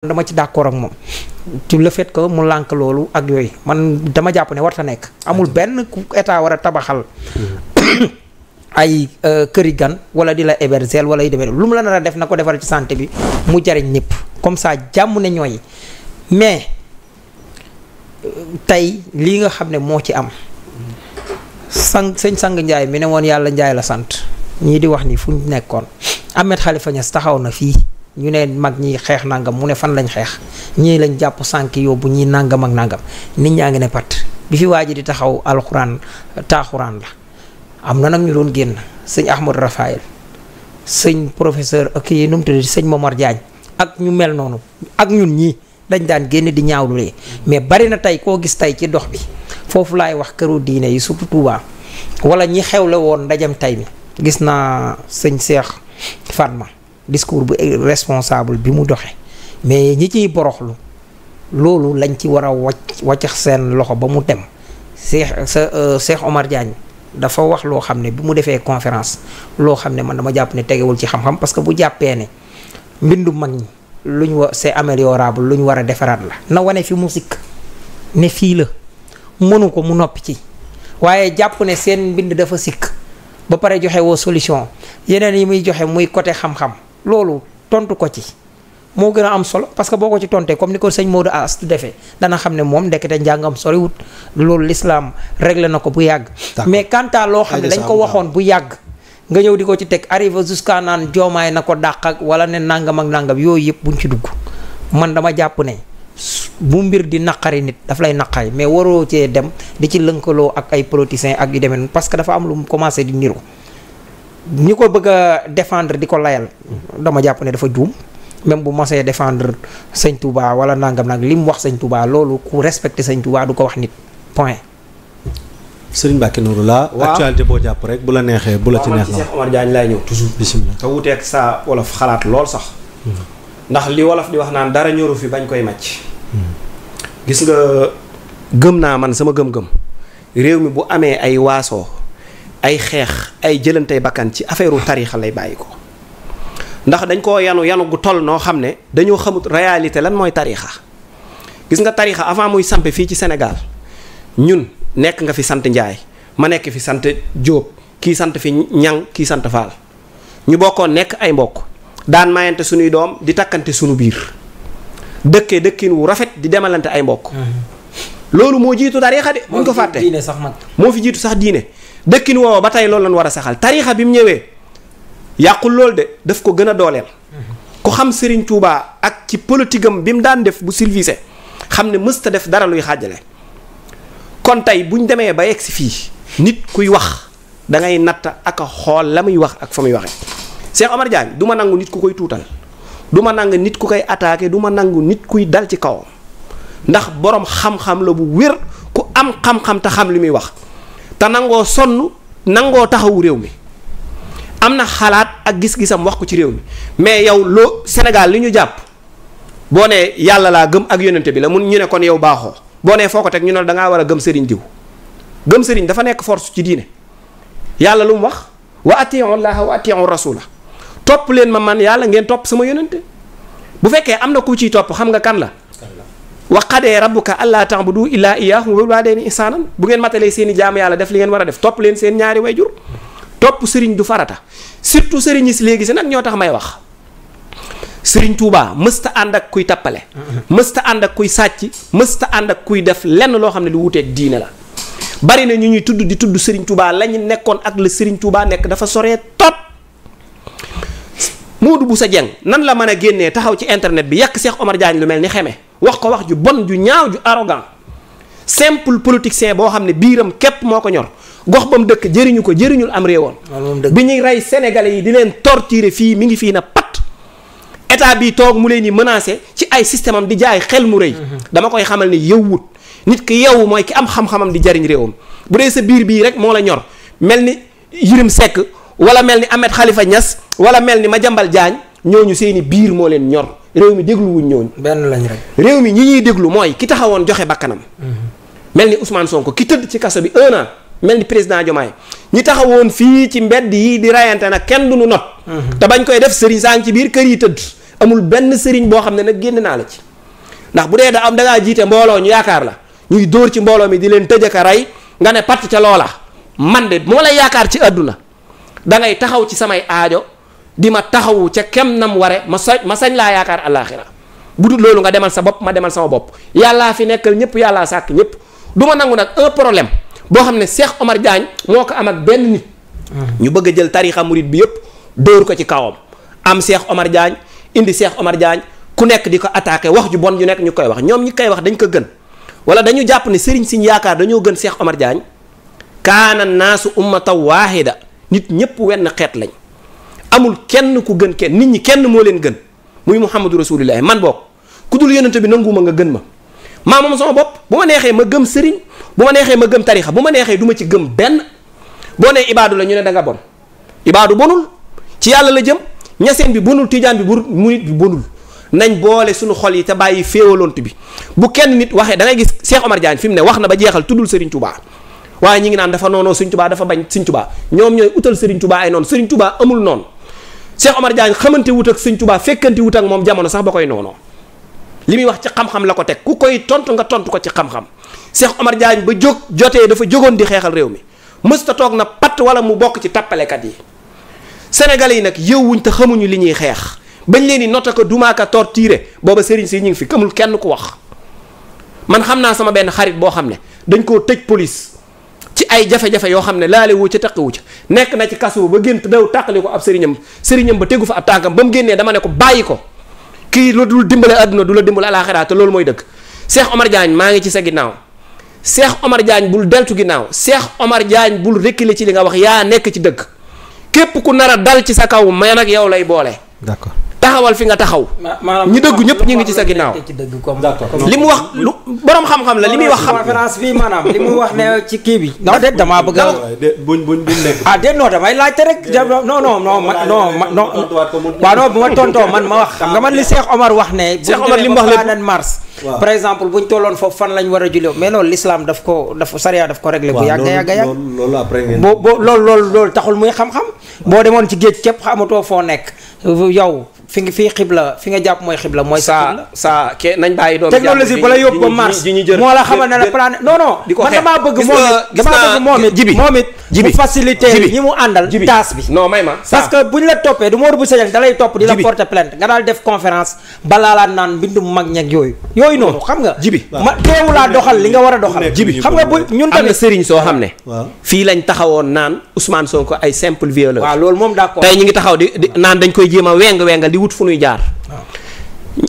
dama ci d'accord ak moom ci le fait que mu lànk loolu ak yooyu man dama jàpp ne warta nekk amul benn ku état war a tabaxal mm-hmm. ay euh, këri gan wala di la héberger wala yu demee lu mu la nar a def na ko defar ci santé bi mu jariñ ñëpp comme ça jàmm ne ñooy mais euh, tey lii nga xam ne moo ci am sang sëñ sang njaay mi ne woon yàlla njaay la sant ñii di wax ni fu ñu nekkoon amet Khalifa Niass taxaw na fii ñu ne mag ñi xeex nangam mu ne fan lañ xeex ñii lañ jàpp sànk yóbbu ñii nàngam ak nangam nit ñaa ngi ne pat bi fi waa ji di taxaw alxuraan taaxuraan la am na nag ñu doon génn sëñ Ahmad Rafael sëñ professeur ak yi nu mu tudd sëñ Momar Diagne ak ñu mel noonu ak ñun ñii dañ daan génn di ñaawlu lee mais bari na tey koo gis tey ci dox bi foofu laay wax këru diine yi surtout Touba wala ñi xewle woon ndajam tey mi gis naa sëñ Cheikh Fatma discours bu responsable bi mu doxee mais ñi ciy boroxlu loolu lañ ci war a wàcc wàccax seen loxo ba mu dem Cheikh sa euh, Cheikh Omar Diagne dafa wax loo xam ne bi mu defee conférence loo xam ne man dama jàpp ne tegewul ci xam-xam parce que bu jàppee ne mbindu mag ñi lu ñu wa c'est améliorable lu ñu war a defaraat la na wane fi mu sikk ne fii la mënu ko mu noppi ci waaye jàpp ne seen mbind dafa sikk ba pare joxewoo solution yeneen yi muy joxe muy côté xam-xam loolu tontu ko ci moo gën a am solo parce que boo ko ci tontee comme ni ko sëñ Modou As tu defee dana xam ne moom ndekete njàngam soriwut loolu lislaam réglé na ko bu yàgg. mais quant loo xam ne dañ ko waxoon bu yàgg. nga ñëw di ko ci teg arrivé jusqu'à naan joomaay na ko dàq ak wala ne nàngam ak nangam yooyu yëpp ñu ci dugg man dama jàpp ne bu mbir di naqari nit daf lay naqari mais waroo cee dem di ci lënkaloo ak ay politiciens ak yu demee parce que dafa am lu mu commencé di niru ñi ko bëgg a défendre di ko layal dama jàpp ne dafa juum même bu mosee defendre sëñ tubaa wala nangam nag li mu wax sëñ Touba loolu ku respecté sañ tubaa du ko wax nit point. Serigne Mbacke Nourou la. waaw actualité boo jàpp rek bu la neexee bu la ci neex. waaw man ci Cheikh Omar ñëw toujours. bisimilah te wuuteeg saa wolof xalaat lool sax. Hmm. ndax li wolof di wax naan dara ñoru fi bañ koy macc hmm. gis nga gëm naa man sama gëm-gëm réew mi bu amee ay waasoo. ay xeex ay jëlantey bakkan ci affaireu tariixa lay bàyyi ko ndax dañ koo yanu yanu gu toll noo xam ne dañoo xamut réalité lan mooy tariixa gis nga tariixa avant muy sampe fii ci senegal ñun nekk nga fi sant Njaay ma nekk fi sant Jóob kii sant fi ñang kii sant Faal ñu bokkoon nekk ay mbokk daan mayante suñuy doom di takkante sunu biir dëkkee dëkkin wu rafet di demalante ay mbokk mm-hmm. loolu moo jiitu tariixa de buñ ko fàtte moo fi jiitu sax diine dëkkin woowa ba tey loolu lañ war a saxal tariixa bi mu ñëwee yàqu loolu de daf ko gën a dooleel ku xam sëriñ tuubaa ak ci politique bi mu daan def bu silvisé xam ne mësta def dara luy xaajale kon tey buñ demee ba yegg si fii nit kuy wax da ngay natt aka xool la muy wax ak fa muy waxee Cheikh Omar Diagne du ma nangu nit ku koy tuutal du ma nangu nit ku koy attaqué du ma nangu nit kuy dal ci kawam ndax borom xam-xam la bu wér ku am xam-xam te xam li muy wax te nangoo sonn nangoo taxawu réew mi am na xalaat ak gis-gisam wax ko ci réew mi mais yow loo Sénégal li ñu jàpp boo nee yàlla laa gëm ak yonante bi la mun ñu ne kon yow baaxoo boo nee foo ko teg ñu ne da ngaa war a gëm sëriñ diw gëm sëriñ dafa nekk force ci diine yàlla lu mu wax wa atiiu llaaha wa atiiu rasuula topp leen ma man yàlla ngeen topp sama yónnante bu fekkee am na ku ciy topp xam nga kan la wa qadee rabbuka allaa ta'budu illaa iyyaahu wa bil waalidayni ihsaanan bu ngeen matalee seen i jaam yàlla def li ngeen war a def topp leen seen ñaari wayjur topp sëriñ du farata surtout sëriñ si léegi si nag ñoo tax may wax sëriñ Touba mësta ànd ak kuy tappale mësta ànd ak kuy sàcc mësta ànd ak kuy def lenn loo xam ne lu wuuteeg diine la bari na ñu ñuy tudd di tudd sëriñ Touba la nekkoon ak la sëriñ Touba nekk dafa soree tot bu sa Dieng nan la mën a génnee taxaw ci internet bi yàq Cheikh Omar Diagne lu mel ni xeme wax ko wax ju bon ju ñaaw ju arrogant simple politicien boo xam ne biiram képp moo ko ñor gox ba mu dëkk jëriñu ko jëriñul am réewoon ah, bi ñuy rey sénégalais yi di leen torturer fii mi ngi fii na pat état bi toog mu leen di menacé ci ay système am di jaay xel mu rëy mhm. dama koy xamal ne yëwwut nit ki yow mooy ki am xam-xamam di jariñ réewam bu dee sa biir bii rek moo la ñor mel ni Yirim sekk wala mel ni Ahmed xalifa ñas wala mel ni ma Madiambal Diagne ñooñu seeni biir moo leen ñor réew mi dégluwuñ ñooñu. benn lañ rek. réew mi ñi ñuy déglu mooy ki taxawoon joxe bakkanam. Mm-hmm. mel ni Ousmane Sonko ki tëdd ci kaso bi un mel ni président Diomaye ñi taxawoon fii ci mbedd yi di reyante na kenn du nu not. Mm-hmm. te bañ koy def sëriñ saa ngi ci biir kër yi tëdd amul benn sëriñ boo xam ne nag génn naa la ci. ndax bu dee da am da ngaa jiite mbooloo ñu yaakaar la ñuy dóor ci mbooloo mi di leen tëj a rey nga ne patt ca loola man de moo lay yaakaar ci àdduna da taxaw ci samay aajo. di ma taxawu ca kem nam ware ma sañ ma sañ laa yaakaar àllaaxira bu du loolu nga demal sa bopp ma demal sama bopp yàllaa fi nekkal ñëpp yàllaa sàkk ñëpp du ma nangu nag un problème boo xam ne Cheikh Omar Diagne moo ko am benn hmm. ñu bëgg a jël tariixa murit bi yëpp dóor ko ci kawam am Cheikh Omar Diagne indi Cheikh Omar Diagne ku nekk di ko attaqué wax ju bon ju nekk ñu koy wax ñoom ñu koy wax dañ ko gën wala dañu jàpp ne sëriñ siñ yaakaar dañoo gën Cheikh Omar Diagne kaana naasu ummatan waahida nit ñëpp wenn xeet lañ amul kenn ku gën kenn nit ñi kenn moo leen gën muy muhammadu rasulillahi man bokk ku dul yonent bi nanguuma nga gën ma maa moom sama bopp bu ma neexee ma gëm sëriñ bu ma neexee ma gëm tarixa bu ma neexee duma ci gëm benn boo nee ibaadu la ñu ne danga bon ibaadu bonul ci yàlla la jëm ñaseen bi bonul tijaan bi bu murit bi bonul nañ boole suñu xol yi te bàyyi féewalont bi bu kenn nit waxee da ngay gis Cheikh Omar Diagne fi mu ne wax na ba jeexal tuddul Serigne Touba waaye ñi ngi naan dafa noonoo Serigne Touba dafa bañ Serigne ñoom ñooy utal Serigne Touba ay noonu Serigne Touba amul Cheikh Omar Diagne xamante wut ak Sëñ Tuubaa fekkante wut ak moom jamono sax ba koy noonoo li muy wax ci xam-xam la ko teg ku koy tontu nga tontu ko ci xam-xam Cheikh Omar Diagne ba jóg jotee dafa jógoon di xeexal réew mi mësta toog na patt wala mu bokk ci tappalekat yi Sénégalais yi nag yëwuñ te xamuñu li ñuy xeex bañ leen di nota ko dumaaka torturé booba sëriñ si ñu ngi fi kamul kenn ku wax man xam naa sama benn xarit boo xam ne dañ koo tëj police ay jafe-jafe yoo xam ne laale wu ca taqiwu ca nekk na ci kasu ba gént daw tàqali ko ab sëriñam sëriñam ba tegu fa ab tànkam ba mu génnee dama ne ko bàyyi ko kii lu dul dimbale adduna du la dimbale alaxira te loolu mooy dëgg Cheikh Omar Diagne maa ngi ci sa ginnaaw Cheikh Omar Diagne bul deltu ginnaaw Cheikh Omar Diagne bul reculer ci li nga wax yaa nekk ci dëgg képp ku nar a dal ci sa kaw man ak yow lay boole d'accord taxawal fi nga taxaw. ñi dëggu ñëpp ñu ngi ci sa ginnaaw. li mu wax lu borom xam-xam la li muy wax. xam conférence bi maanaam li mu wax ne ci kii bi. non déet damaa bëgg a. buñ buñ buñ nekk. ah déet non damay laajte rek. non non non man non man non. waaw non bu ma tontoo man ma wax. xam nga man li Cheikh Omar wax ne. Cheikh Omar li mu wax la bu mars. par exemple buñ tolloon foofu fan lañ war a julli mais loolu l'islam daf ko daf sariya daf ko réglé. bu yàgg a yàgg a loolu boo boo loolu loolu loolu taxul muy xam-xam. boo demoon ci géej képp xamatoo foo nekk yow fi nga fii xibla fi nga jàpp mooy xibla mooy sa xibla sa ke nañ bàyyi doom technologie ba la yóbbu mars moo la xamal ne la plan non man damaa bëgg moom it damaa bëgg ñi mu àndal taas bi non may ma parce que bu ñu la toppee du Modou Bousso Dieng da lay topp di la porter plainte nga daal def conférence balaa laa naan mbindum mag ñeg yooyu yooyu noonu xam nga jibi ma teewu laa doxal li nga war a doxal jibi xam nga bu ñun tamit am na sëriñ soo xam ne fii lañ taxawoon naan Ousmane Sonko ay loolu moom d'accord ñu ngi taxaw di naan dañ koy jéem a weng wengal di wut fu ñuy jaar.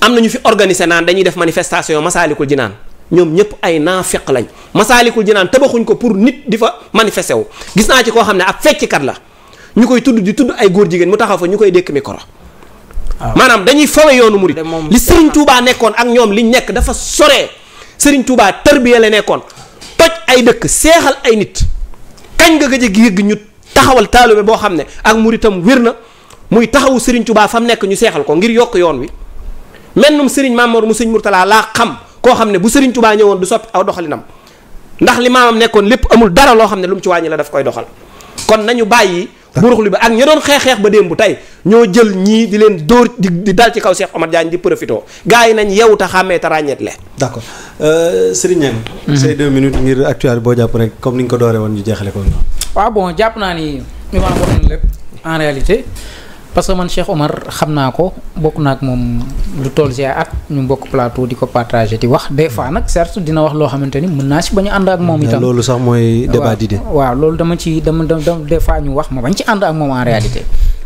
am na ñu fi organiser naan dañuy def manifestation masaalikul naan ñoom ñëpp ay naa naafeq lañ masaalikul jinaan tabaxuñ ko pour nit di fa manifester wu. gis naa ci koo xam ne ab fecckat la ñu koy tudd di tudd ay góor jigéen mu taxaw fa ñu koy dékk micro. Ah. maanaam dañuy fawe yoonu murid li Serigne Touba nekkoon ak ñoom liñ nekk dafa soree sëriñ Touba tarbiya la nekkoon toj ay dëkk seexal ay nit kañ nga gëj gi yëgg ñu taxawal taalibe boo xam ne ak muritam wér na. muy taxawu sëriñ tubaa fa mu nekk ñu seexal ko ngir yokk yoon wi mennum Serigne Mamour mu Serigne Mourtala laa xam koo xam ne bu Serigne Touba ñëwoon du sopp aw doxalinam ndax li maamam nekkoon lépp amul dara loo xam ne lu ci wàññi la dafa koy doxal kon nañu bàyyi. buruxlu bi ak ña doon xeex xeex ba démb tey ñoo jël ñii di leen door di dal ci kaw Cheikh Omar Diagne di profito gars yi nañ yew ta xàmmee te ràññeet le d'accord euh, Serigne Niang mhm. say deux minutes ngir actuel boo jàpp rek comme ni nga ko dooree woon ko waaw bon jàpp naa ni mi maanaam parce que man Cheikh Omar xam naa ko bokk naa ak moom lu toll si at ñu bokk plateau di ko partagé di wax des nag certes dina wax loo xamante ni mën naa si bañ a ànd ak moom itam loolu sax mooy débat d'idée waaw loolu dama ci dama ñu wax ma bañ ci ànd ak moom en réalité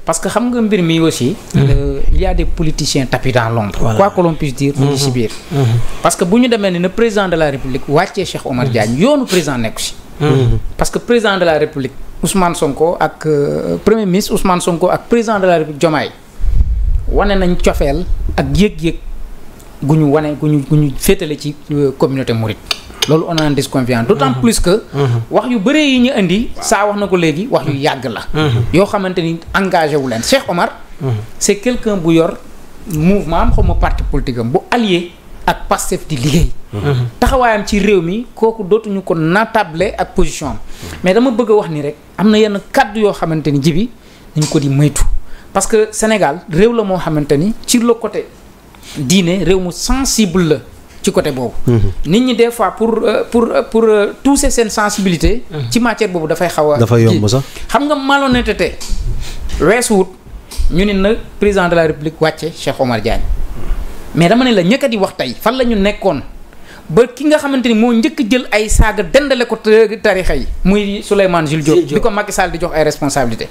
parce que xam nga mbir mi aussi. Mm-hmm. Euh, il y a des politiciens tapis dans l'ombre voilà. quoi que l'on si mm-hmm. biir. Mm-hmm. parce que bu ñu demee ni ne président de la république wàccee Cheikh Omar Ousmane Sonko ak euh, premier ministre Ousmane Sonko ak président de la République Diomaye wane nañ cofeel ak yëg-yëg gu ñu wane gu ñu gu ñu féetale ci euh, communauté mouride loolu on en disconvient d'autant mm-hmm. plus que mm-hmm. wax yu bëree yi ñu indi saa wax na ko léegi wax yu yàgg la mm-hmm. yoo xamante ni engagé wu leen Cheikh Omar c'est quelqu'un bu yor mouvement am xaw ma parti politique bu allié ak Pastef di liggéey. taxawaayam ci réew mi kooku dootuñu ko natable ak position mais dama bëgg a wax nii rek am na yenn kàddu yoo xamante ni ji bi nañ ko di moytu parce que Sénégal réew la moo xamante ni ci le côté diine réew mu sensible la ci côté boobu. Mm-hmm. nit ñi des fois pour euh, pour euh, pour euh, toucher seen sensibilité. ci mm-hmm. matière boobu dafay xaw a. dafay yomb sax xam nga malhonnêteté weesuwut ñu ne na président de la république wàcce Cheikh Omar Diagne. mais dama ne la ñëkk di wax tey fan la ñu nekkoon ba ki nga xamante ni moo njëkk jël ay saaga dendale ko tarixa yi muy Souleymane Jules Diop bi ko Macky Sall di jox ay responsabilité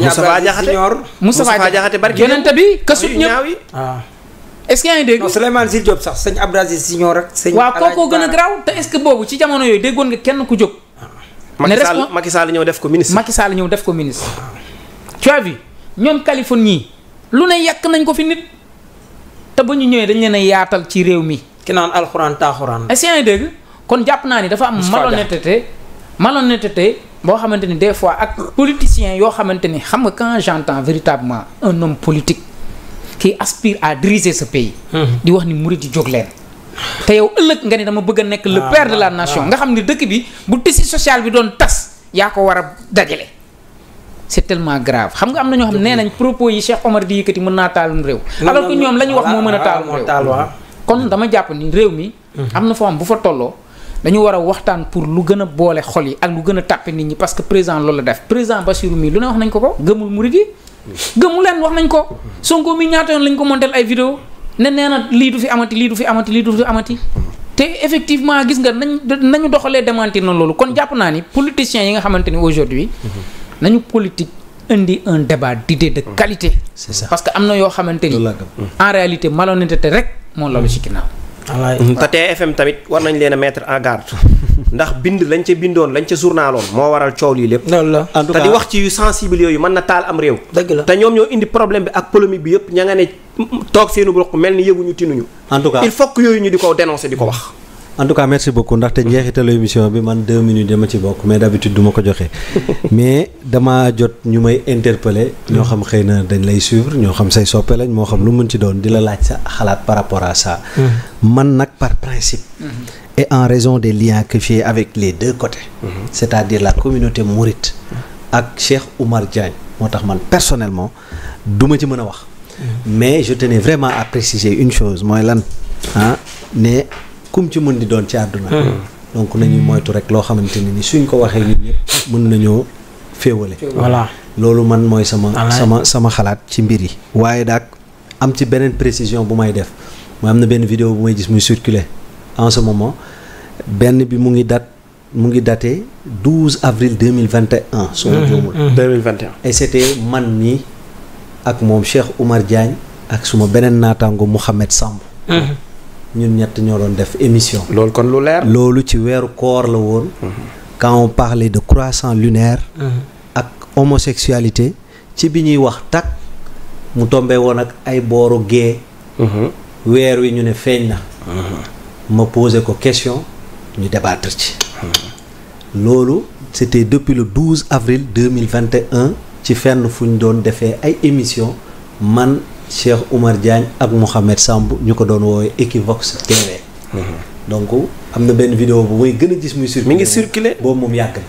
Moustapha Diakhaté Moustapha Diakhaté barki yonent bi kasut ñëpp ah. Ah. est-ce que yaa ngi dégg non Souleymane Jules sax sëñ Abdou Aziz Sy ñor ak gën a garaaw te est que boobu ci jamono yooyu déggoon nga kenn ku jóg ah. ne respon Macky Sall ñëw def ko ministre Macky Sall def ko ministre tu as vu ñoom Kaliphone lu ne yàq nañ ko fi nit te ba ñu ñëwee dañu leen a yaatal ci réew mi. ki naan alxuraan taaxuraan. est-ce que yaa ngi dégg kon jàpp naa ni dafa am. malhonnêteté malhonnêteté boo xamante ni des fois ak politiciens yoo xamante ni xam nga quand j'entends véritablement un homme politique qui aspire à diriger sa pays. Hmm. di wax ni murid yi jóg leen. te yow ëllëg nga ni dama bëgg a nekk. le ah, père de la ah, nation. Ah. nga xam ni dëkk bi bu tissu social bi doon tas yaa ko war a dajale. c'est tellement grave xam nga am na ñoo xam nee nañ propos yi Cheikh Omar di yëkkati mën naa taalum réew alors que ñoom la wax moo mën a taalum réew kon dama jàpp ni réew mi mhm. am na foo xam bu fa tolloo dañu war a waxtaan pour lu gën a boole xol yi ak lu gën a tàppe nit ñi parce que président loolu la def président Bassirou mi lu ne wax nañ ko ko gëmul murid yi mhm. gëmu leen wax nañ ko Sonko mi ñaata yoon lañ ko montel ay vidéo ne nee lii du fi amati lii du fi amati lii du fi amati mhm. te effectivement gis nga nañ nañu doxalee démentir na loolu kon jàpp naa ni politiciens yi nga xamante ni aujourd'hui nañu politique indi un débat d'idées de mm. qualité. parce que am na yoo xamante ni. Mm. en réalité malhonnêteté rek moo lalu ci ginnaaw. Mm. te TFM tamit war nañ leen a mettre en garde ndax bind lañ ca bindoon lañ ca journaloon moo waral coow lii lépp te di wax ci yu sensible yooyu mën na taal am réew dëgg la te ñoom ñoo indi problème bi ak polémique bi yëpp ña nga ne toog seenu bopp mel ni yëguñu tinuñu en tout cas il faut que yooyu ñu di ko dénoncer di ko wax en tout cas merci beaucoup ndaxte njeexitalu émission bi man deux minutes dama ci bokk mais d'habitude du ma ko joxe mais dama jot ñu may interpeller ñoo xam xëy na dañ lay suivre ñoo xam say soppe lañ moo xam lu mën ci doon di la laaj sa xalaat par rapport à ça mm-hmm. man nag par principe mm-hmm. et en raison des liens que j'ai avec les deux côté mm-hmm. c'est-à-dire la communauté mouride ak Cheikh Oumar Diagne moo tax man personnellement du ma ci mën a wax mais je tenais vraiment à préciser une chose lan ah kum ci mën di doon ci àdduna hmm. donc nañuy moytu rek loo xamante ni suñ ko waxee nit ñëpp mën nañoo féewale voilà loolu man mooy sama sama sama xalaat ci mbir yi waaye daak am ci beneen précision bu may def mooy am na benn vidéo bu may gis mu circuler en ce moment benn bi mu ngi date mu ngi daté 12 avril 2021 su ma hmm, juumul 2021 hmm, et c'était man mii ak moom Cheikh Oumar Diagne ak suma beneen naataango Mouhamed Samb ñun ñett ñoo doon def émission. loolu kon lu leer. loolu ci weeru koor la woon. Mhm. quand on parlait de croissant lunaire. Mhm. ak homosexualité ci bi ñuy wax takk mu tombe woon ak ay booru gée. Mhm. weer wi ñu ne feeñ na. ma posé ko question ñu débattre ci. loolu c'était depuis le 12 avril 2021 ci fenn fu ñu doon defee ay émission man. Cheikh Oumar Diagne ak Mouhamed Samb ñu ko doon woowee Equivox TV. Mhm. donc am na benn video bu muy gën a gis muy. circulé mi ngi circulé boobu moom yàgg na.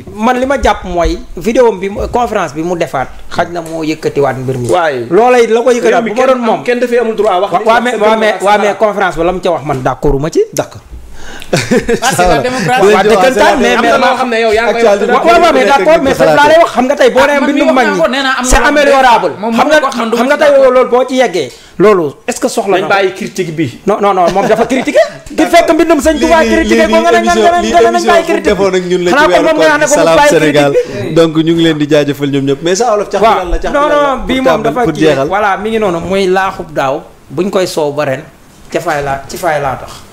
man li ma jàpp mooy. vidéo bi conférence bi mu defaat xaj na moo yëkkatiwaat mbir mi. waaye loola it la ko yëkkatiwaat bu ma doon moom kenn dafay amul droit wax. waaw mais waaw mais conférence ba la mu ca wax man d' ma ci d' waaw waaw xam ne yow yaa ngi koy wax waaw nga tey boo nee ah, mbindum mag ñi c'est améliorable xam nga xam nga tey loolu boo ci yeggee loolu est-ce que soxla na bàyyi critique bi non non non moom dafa critiqué ki fekk leen di jaajëfal ñoom ñëpp sa olof cax la cax non non bii moom dafa kii voilà mi ngi noonu muy laaxub daaw buñ koy soow ba ren ci fay laa ci faay laa tax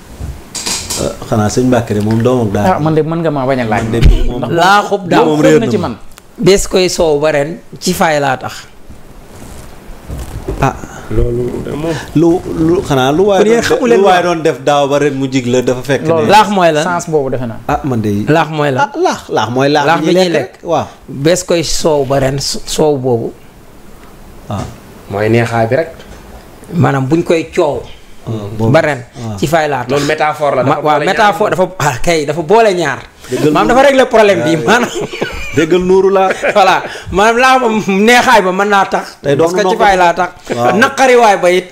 xanaa sëñ Bakary moom doomam daal. Ah, man de mën nga maa bañ a laaj. ndax laaxub daaw xëy na ci man. bés koy soow ba ren ci faay laa tax. ah. loolu xanaa lu waay lu waay doon def daaw mu jig la dafa fekk. loolu laax mooy lan boobu defe naa. ah man de laax mooy lan ah, laax mooy laax bi ñuy lekk waaw. koy soow ba soow boobu. waaw. Ah. mooy neexaay bi rek. maanaam buñ koy coow. ba ren ah. ci fay laa tax loolu métaphore la waaw métaphore dafa ah kay dafa boole ñaar maam dafa régler problème bi ah, maanaam déggal nuuru laa voilà maanaam laa neexaay ba mën naa tax parce ci fay laa tax naqariwaay ba it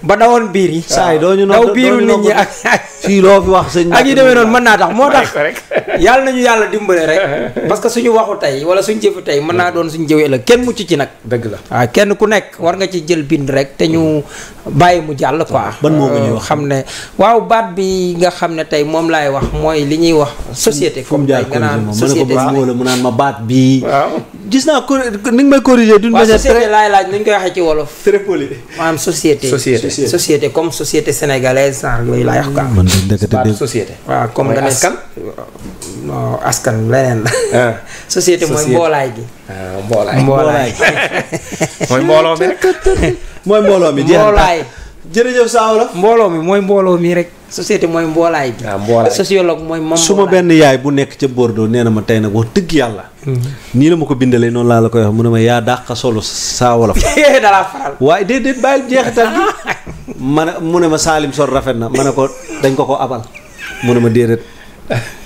ba dawoon biir yi. saa yi doo ñu daw biiru nit ñi ak loo wax sëñ ak yi demee noonu mën naa tax moo tax. yàlla nañu yàlla dimbale rek. parce que suñu waxu tey wala suñu jëfu tey mën naa doon suñu jëwee ëllëg kenn mucc ci nag. dëgg la ah, kenn ku nekk war nga ci jël bind rek te ñu bàyyi mu jàll quoi. ban moomu euh, xam ne waaw baat bi nga xam ne tey moom laay wax mooy li ñuy wax. société comme tey nga naan société mu ma baat bi gis naa ni nga may corriger d'une manière très laay laaj ni ñu koy waxee ci wolof très poli maanaam société société société comme société sénégalaise ah yooyu laa wax ah. quoi. man de société. comme nga ne askan. non askan leneen la. Ah. société mooy mboolaay gi. Ah, mboolaay mboolaay. mooy mbooloo mooy mbooloo mboolaay. jërëjëf Saa Wolof mbooloo mi mooy mbooloo mii rek société mooy mboolaay bi. waaw ah, sociologue mooy moom su ma benn yaay bu nekk ca Bordeaux nee na ma tey nag wax dëgg yàlla. Mm-hmm. nii la ma ko bindalee noonu laa la koy wax mu ne ma yaa dàq solo Saa Wolof. dalaa faral waaye déedéet bàyyil jeexital ma ne mu ne ma Salim sol rafet na ma ne ko dañ ko ko abal mu ne ma déedéet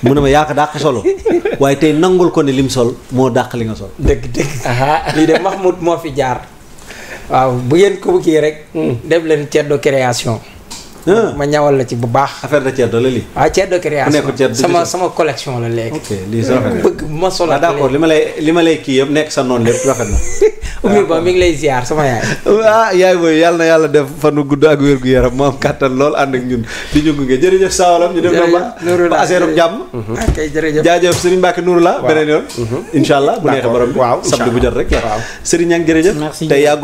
mu ne ma yaa ko dàq solo waaye tey nangul ko ne lim sol moo dàq li nga sol. dëgg dëgg lii de Mahmoud moo fi jaar. waaw bu ngeen ko bëggee rek. Hmm. def leen ceddo création. Ah. ma ñawal la ci bu baax. affaire de ceddo la lii. waaw ah, ceddo création sama sama collection la léegi. bu ma solo. ah d'accord li ma li ma lay kii yëpp nekk sa noonu lépp na. mi ngi lay ziar sama yaay. ah yaay booy yàlla na yàlla def fanu gudd ak wér gu yaram mu am kàttan lool ànd ak ñun di ñu gunge jërëjëf Sawalam ñu dem na ba aseerum jàmm. Mhm. ok jërëjëf jaajëf Serigne la beneen yoon. Mhm. incha allah bu neexee borom bi waaw sabdu bu jot rek. waaw Serigne Niang jërëjëf. merci